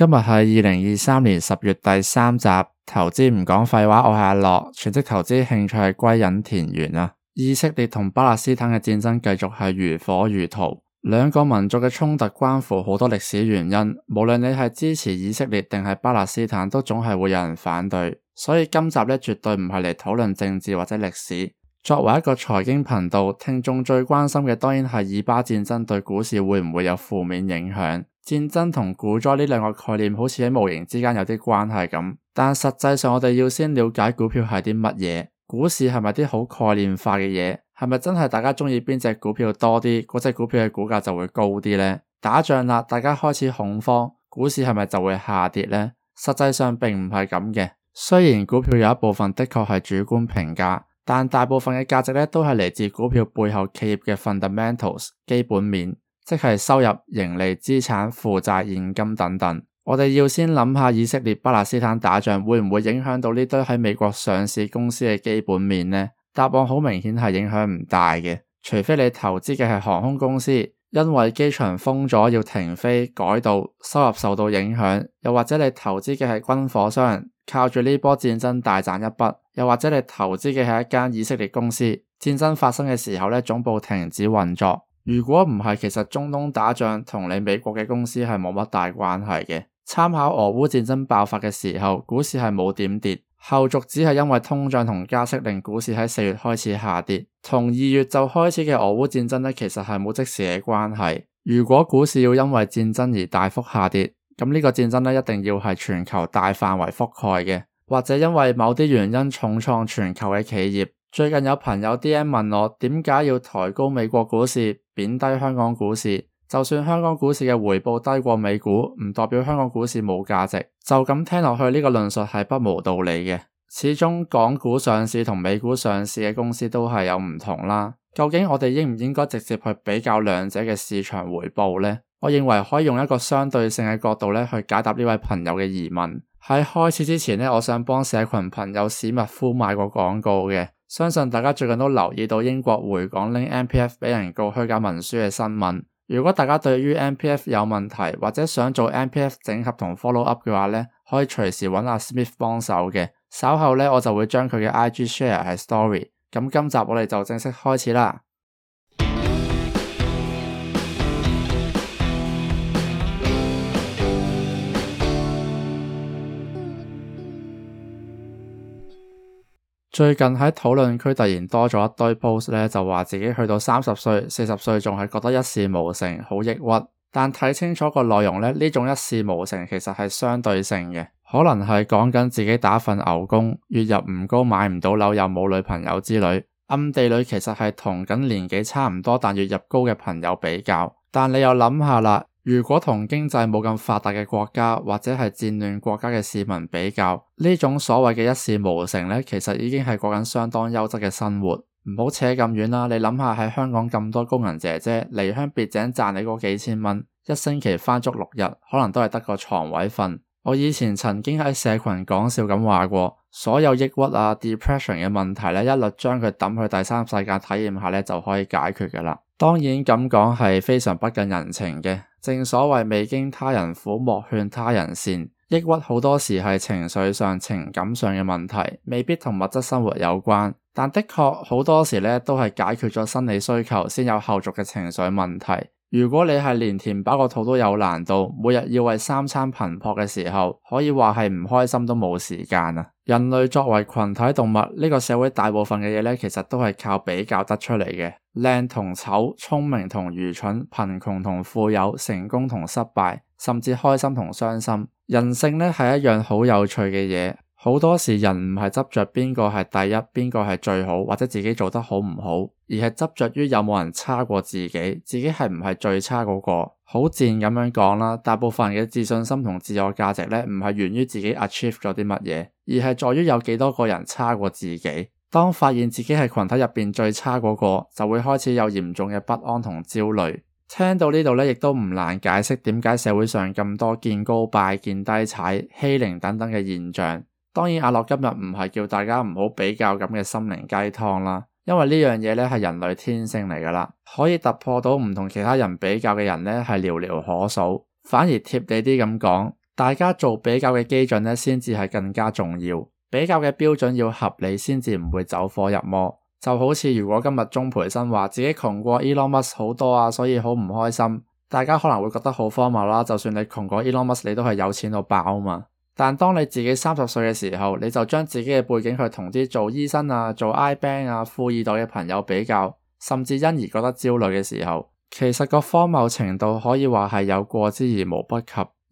今日係二零二三年十月第三集，投資唔講廢話，我係阿樂，全職投資，興趣係歸隱田園啊。以色列同巴勒斯坦嘅戰爭繼續係如火如荼，兩個民族嘅衝突關乎好多歷史原因。無論你係支持以色列定係巴勒斯坦，都總係會有人反對。所以今集咧絕對唔係嚟討論政治或者歷史。作為一個財經頻道，聽眾最關心嘅當然係以巴戰爭對股市會唔會有負面影響。戰爭同股災呢兩個概念好似喺無形之間有啲關係咁，但實際上我哋要先了解股票係啲乜嘢，股市係咪啲好概念化嘅嘢？係咪真係大家鍾意邊隻股票多啲，嗰隻股票嘅股價就會高啲呢？打仗啦，大家開始恐慌，股市係咪就會下跌呢？實際上並唔係咁嘅，雖然股票有一部分的確係主觀評價，但大部分嘅價值咧都係嚟自股票背後企業嘅 fundamentals 基本面。即係收入、盈利、資產、負債、現金等等，我哋要先諗下以色列巴勒斯坦打仗會唔會影響到呢堆喺美國上市公司嘅基本面呢？答案好明顯係影響唔大嘅，除非你投資嘅係航空公司，因為機場封咗要停飛改道，收入受到影響；又或者你投資嘅係軍火商，靠住呢波戰爭大賺一筆；又或者你投資嘅係一間以色列公司，戰爭發生嘅時候呢，總部停止運作。如果唔係，其實中東打仗同你美國嘅公司係冇乜大關係嘅。參考俄烏戰爭爆發嘅時候，股市係冇點跌，後續只係因為通脹同加息令股市喺四月開始下跌。同二月就開始嘅俄烏戰爭呢，其實係冇即時嘅關係。如果股市要因為戰爭而大幅下跌，咁呢個戰爭呢，一定要係全球大範圍覆蓋嘅，或者因為某啲原因重創全球嘅企業。最近有朋友 DM 問我點解要抬高美國股市貶低香港股市？就算香港股市嘅回報低過美股，唔代表香港股市冇價值。就咁聽落去呢個呢個論述係不無道理嘅。始終港股上市同美股上市嘅公司都係有唔同啦。究竟我哋應唔應該直接去比較兩者嘅市場回報咧？我認為可以用一個相對性嘅角度咧去解答呢位朋友嘅疑問。喺開始之前咧，我想幫社群朋友史密夫買個廣告嘅。相信大家最近都留意到英國回港拎 MPF 俾人告虛假文書嘅新聞。如果大家對於 MPF 有問題，或者想做 MPF 整合同 follow up 嘅話呢，可以隨時揾阿 Smith 幫手嘅。稍後呢，我就會將佢嘅 IG share 係 story。咁今集我哋就正式開始啦。最近喺討論區突然多咗一堆 post 呢，就話自己去到三十歲、四十歲仲係覺得一事無成，好抑鬱。但睇清楚個內容呢，呢種一事無成其實係相對性嘅，可能係講緊自己打份牛工，月入唔高，買唔到樓，又冇女朋友之類。暗地裏其實係同緊年紀差唔多但月入高嘅朋友比較。但你又諗下啦。如果同經濟冇咁發達嘅國家或者係戰亂國家嘅市民比較，呢種所謂嘅一事無成咧，其實已經係過緊相當優質嘅生活。唔好扯咁遠啦，你諗下喺香港咁多工人姐姐離鄉別井賺你嗰幾千蚊，一星期翻足六日，可能都係得個床位瞓。我以前曾經喺社群講笑咁話過，所有抑鬱啊、depression 嘅問題咧，一律將佢抌去第三世界體驗下咧，就可以解決噶啦。當然咁講係非常不近人情嘅。正所謂未經他人苦，莫勸他人善。抑鬱好多時係情緒上、情感上嘅問題，未必同物質生活有關。但的確好多時咧，都係解決咗生理需求先有後續嘅情緒問題。如果你係連填飽個肚都有難度，每日要為三餐頻撲嘅時候，可以話係唔開心都冇時間啊。人類作為群體動物，呢個社會大部分嘅嘢呢，其實都係靠比較得出嚟嘅。靚同醜，聰明同愚蠢，貧窮同富有，成功同失敗，甚至開心同傷心，人性呢係一樣好有趣嘅嘢。好多時人唔係執着邊個係第一，邊個係最好，或者自己做得好唔好，而係執着於有冇人差過自己，自己係唔係最差嗰個。好賤咁樣講啦。大部分人嘅自信心同自我價值咧，唔係源於自己 achieve 咗啲乜嘢，而係在於有幾多個人差過自己。當發現自己係群體入邊最差嗰個，就會開始有嚴重嘅不安同焦慮。聽到呢度咧，亦都唔難解釋點解社會上咁多見高拜、見低踩、欺凌等等嘅現象。當然，阿樂今日唔係叫大家唔好比較咁嘅心靈雞湯啦，因為呢樣嘢咧係人類天性嚟噶啦，可以突破到唔同其他人比較嘅人咧係寥寥可數，反而貼地啲咁講，大家做比較嘅基準咧先至係更加重要，比較嘅標準要合理先至唔會走火入魔。就好似如果今日鍾培生話自己窮過 Elon Musk 好多啊，所以好唔開心，大家可能會覺得好荒謬啦。就算你窮過 Elon Musk，你都係有錢到爆啊嘛。但當你自己三十歲嘅時候，你就將自己嘅背景去同啲做醫生啊、做 IBank 啊、富二代嘅朋友比較，甚至因而覺得焦慮嘅時候，其實個荒謬程度可以話係有過之而無不及。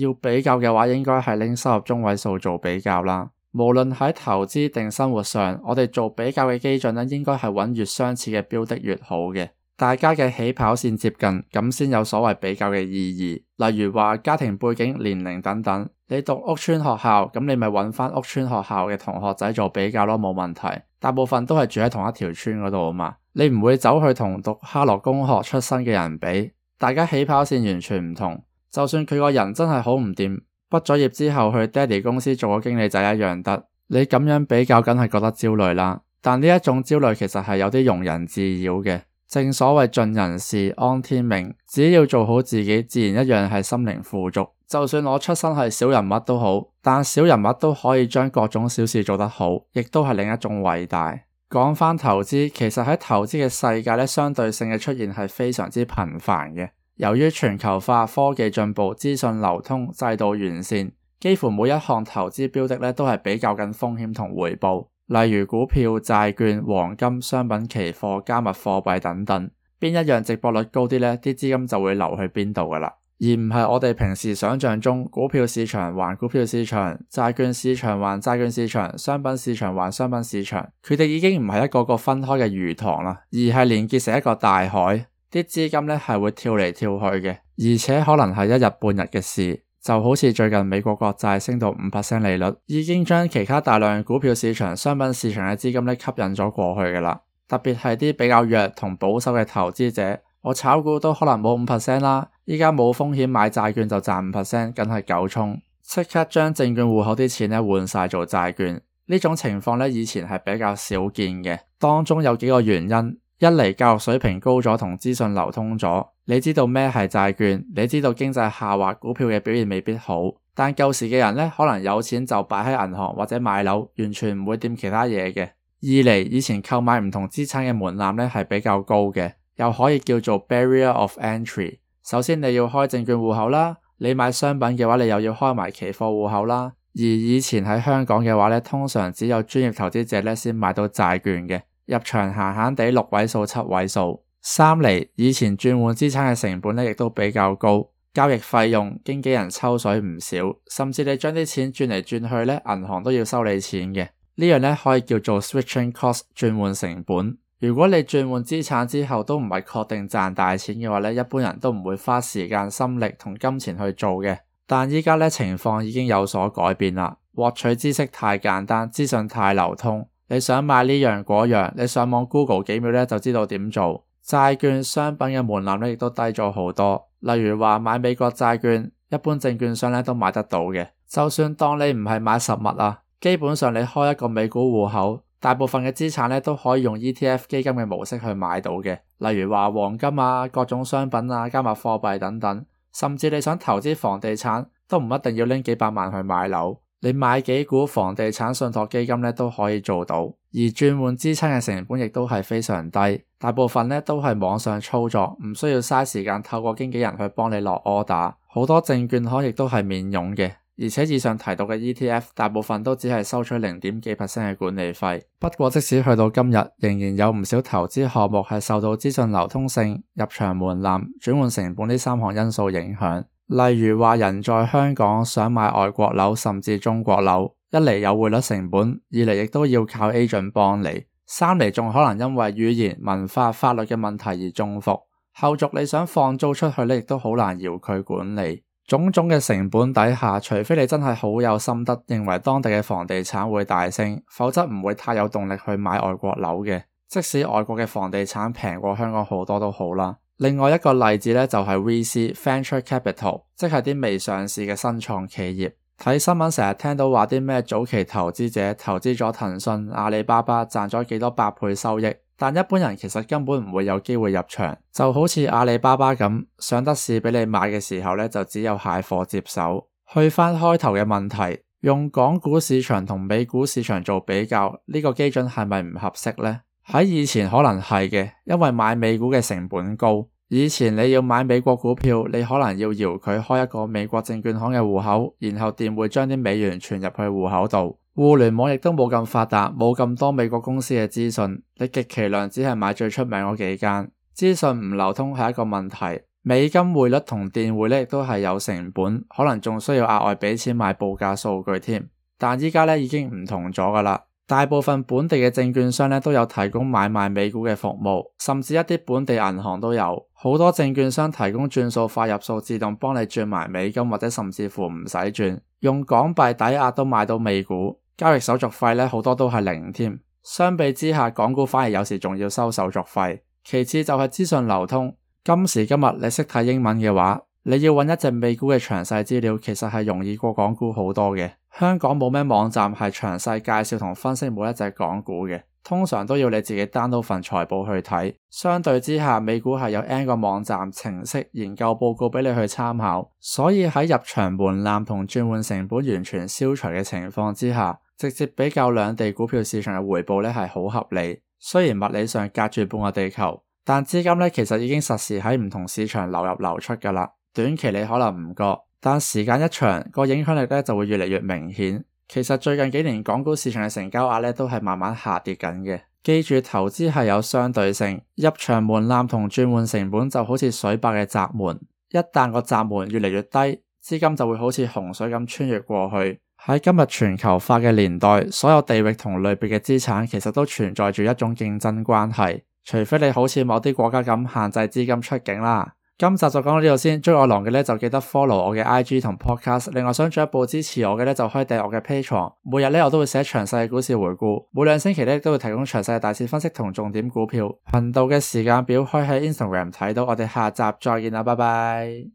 要比較嘅話，應該係拎收入中位數做比較啦。無論喺投資定生活上，我哋做比較嘅基準咧，應該係揾越相似嘅標的、er、越好嘅。大家嘅起跑線接近咁先有所謂比較嘅意義，例如話家庭背景、年齡等等。你讀屋村學校咁，那你咪揾翻屋村學校嘅同學仔做比較咯，冇問題。大部分都係住喺同一條村嗰度嘛，你唔會走去同讀哈羅公學出身嘅人比，大家起跑線完全唔同。就算佢個人真係好唔掂，畢咗業之後去爹地公司做咗經理就一樣得。你咁樣比較，梗係覺得焦慮啦。但呢一種焦慮其實係有啲庸人自擾嘅。正所謂盡人事，安天命。只要做好自己，自然一樣係心靈富足。就算我出身係小人物都好，但小人物都可以將各種小事做得好，亦都係另一種偉大。講返投資，其實喺投資嘅世界呢，相對性嘅出現係非常之頻繁嘅。由於全球化、科技進步、資訊流通、制度完善，幾乎每一項投資標的呢都係比較緊風險同回報。例如股票、債券、黃金、商品、期貨、加密貨幣等等，邊一樣值博率高啲呢？啲資金就會流去邊度㗎喇，而唔係我哋平時想像中股票市場還股票市場、債券市場還債券市場、商品市場還商品市場，佢哋已經唔係一個個分開嘅魚塘啦，而係連結成一個大海，啲資金呢係會跳嚟跳去嘅，而且可能係一日半日嘅事。就好似最近美國國債升到五 percent 利率，已經將其他大量股票市場、商品市場嘅資金咧吸引咗過去噶啦。特別係啲比較弱同保守嘅投資者，我炒股都可能冇五 percent 啦，依家冇風險買債券就賺五 percent，梗係九衝，即刻將證券戶口啲錢咧換晒做債券。呢種情況以前係比較少見嘅，當中有幾個原因。一嚟教育水平高咗，同資訊流通咗，你知道咩係債券？你知道經濟下滑，股票嘅表現未必好。但舊時嘅人咧，可能有錢就擺喺銀行或者買樓，完全唔會掂其他嘢嘅。二嚟以前購買唔同資產嘅門檻咧係比較高嘅，又可以叫做 barrier of entry。首先你要開證券戶口啦，你買商品嘅話，你又要開埋期貨戶口啦。而以前喺香港嘅話咧，通常只有專業投資者咧先買到債券嘅。入場閒閒地六位數、七位數，三嚟以前轉換資產嘅成本咧，亦都比較高，交易費用、經紀人抽水唔少，甚至你將啲錢轉嚟轉去咧，銀行都要收你錢嘅。呢樣咧可以叫做 switching cost 轉換成本。如果你轉換資產之後都唔係確定賺大錢嘅話咧，一般人都唔會花時間心力同金錢去做嘅。但依家咧情況已經有所改變啦，獲取知識太簡單，資訊太流通。你想買呢樣嗰樣，你上網 Google 幾秒咧，就知道點做。債券商品嘅門檻咧，亦都低咗好多。例如話買美國債券，一般證券商咧都買得到嘅。就算當你唔係買實物啊，基本上你開一個美股戶口，大部分嘅資產咧都可以用 ETF 基金嘅模式去買到嘅。例如話黃金啊，各種商品啊，加密貨幣等等，甚至你想投資房地產，都唔一定要拎幾百萬去買樓。你買幾股房地產信託基金咧都可以做到，而轉換資產嘅成本亦都係非常低，大部分咧都係網上操作，唔需要嘥時間透過經紀人去幫你落 order，好多證券行亦都係免傭嘅，而且以上提到嘅 ETF 大部分都只係收取零點幾 percent 嘅管理費。不過即使去到今日，仍然有唔少投資項目係受到資訊流通性、入場門檻、轉換成本呢三項因素影響。例如話，人在香港想買外國樓，甚至中國樓，一嚟有匯率成本，二嚟亦都要靠 agent 幫你，三嚟仲可能因為語言、文化、法律嘅問題而中伏。後續你想放租出去，呢亦都好難遙距管理。種種嘅成本底下，除非你真係好有心得，認為當地嘅房地產會大升，否則唔會太有動力去買外國樓嘅。即使外國嘅房地產平過香港好多都好啦。另外一個例子呢，就係 V C Venture Capital，即係啲未上市嘅新創企業。睇新聞成日聽到話啲咩早期投資者投資咗騰訊、阿里巴巴賺咗幾多百倍收益，但一般人其實根本唔會有機會入場。就好似阿里巴巴咁，上得市俾你買嘅時候呢，就只有蟹貨接手。去翻開頭嘅問題，用港股市場同美股市場做比較，呢、這個基準係咪唔合適呢？喺以前可能係嘅，因為買美股嘅成本高。以前你要買美國股票，你可能要遙距開一個美國證券行嘅戶口，然後電匯將啲美元存入去戶口度。互聯網亦都冇咁發達，冇咁多美國公司嘅資訊，你極其量只係買最出名嗰幾間。資訊唔流通係一個問題。美金匯率同電匯咧，亦都係有成本，可能仲需要額外俾錢買報價數據添。但依家咧已經唔同咗噶啦。大部分本地嘅證券商咧都有提供買賣美股嘅服務，甚至一啲本地銀行都有，好多證券商提供轉數快入數，自動幫你轉埋美金，或者甚至乎唔使轉用港幣抵押都買到美股，交易手續費好多都係零添。相比之下，港股反而有時仲要收手續費。其次就係資訊流通，今時今日你識睇英文嘅話，你要搵一隻美股嘅詳細資料，其實係容易過港股好多嘅。香港冇咩網站係詳細介紹同分析每一隻港股嘅，通常都要你自己 download 份財報去睇。相對之下，美股係有 N 個網站、程式、研究報告俾你去參考。所以喺入場門檻同轉換成本完全消除嘅情況之下，直接比較兩地股票市場嘅回報呢係好合理。雖然物理上隔住半個地球，但資金呢其實已經實時喺唔同市場流入流出㗎喇。短期你可能唔覺，但時間一長個影響力呢就會越嚟越明顯。其實最近幾年港股市場嘅成交額呢都係慢慢下跌緊嘅。記住投資係有相對性，入場門檻同轉換成本就好似水壩嘅閘門，一旦個閘門越嚟越低，資金就會好似洪水咁穿越過去。喺今日全球化嘅年代，所有地域同類別嘅資產其實都存在住一種競爭關係，除非你好似某啲國家咁限制資金出境啦。今集就講到呢度先，追我郎嘅咧就記得 follow 我嘅 IG 同 podcast，另外想進一步支持我嘅咧就可以訂我嘅 Patreon，每日咧我都會寫詳細嘅股市回顧，每兩星期咧都會提供詳細嘅大市分析同重點股票，頻道嘅時間表可以喺 Instagram 睇到，我哋下集再見啦，拜拜。